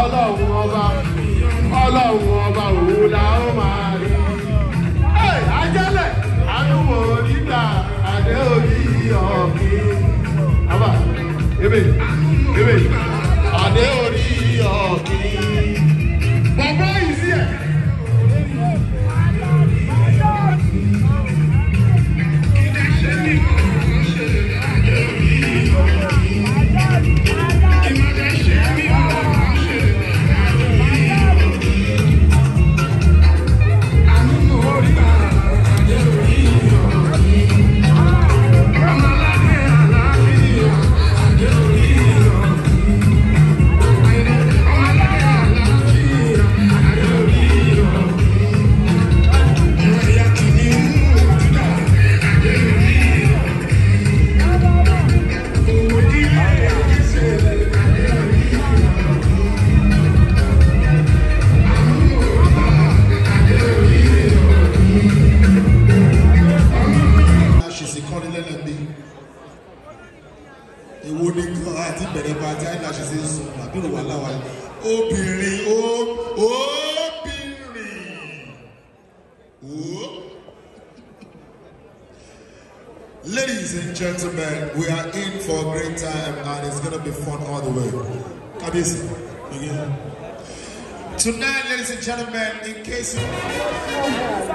ọlọ́run ọba ọlọ́run ọba òun la ó máa rí. ajẹ́lẹ̀ àdúmọ̀ nígbà àdé orí ọ̀gbìn. àbá ebè ebè àdé orí ọ̀gbìn. èwo ni kan àti bẹ̀rẹ̀ bá àti àìláṣẹ ṣe ń sọ àbúrò wà láwa obìnrin ó obìnrin ó. Ladies and gentlemen, we are in for a great time and it's gonna be fun all the way. Kabisi, again. Tonight, ladies and gentlemen, in case...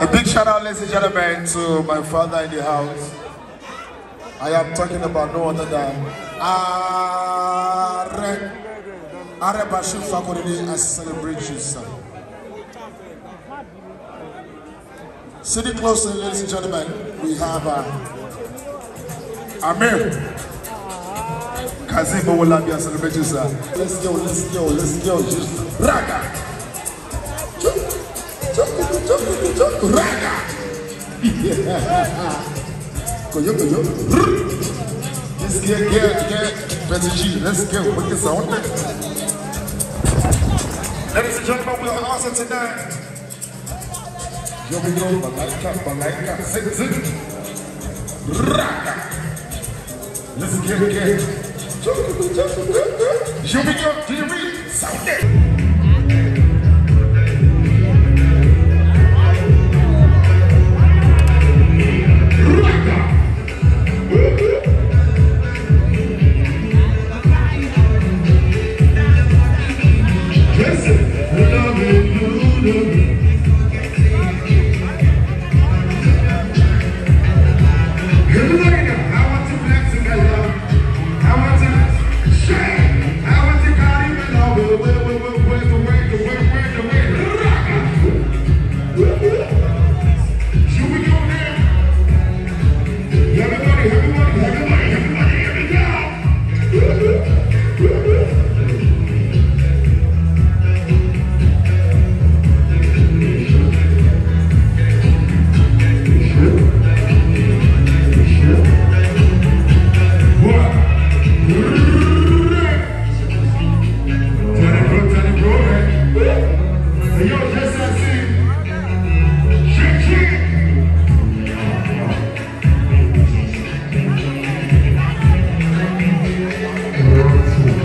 A big shout out, ladies and gentlemen, to my father in the house. I am talking about no other than Are, Are Bashir Fakorele. I celebrate you, sir. City closely, ladies and gentlemen. We have uh, Amir Kazibo will not be a celebrity, sir. Let's go, let's go, let's go. Just raga. Raga. Yeah. Let's get, get, get, Betty Let's get wicked sound. Ladies and gentlemen, we are awesome tonight. Yo, we go, Malaika, Malaika, zig, zig. Raka. Let's get, get. Yo, we go, do you read? Sound it.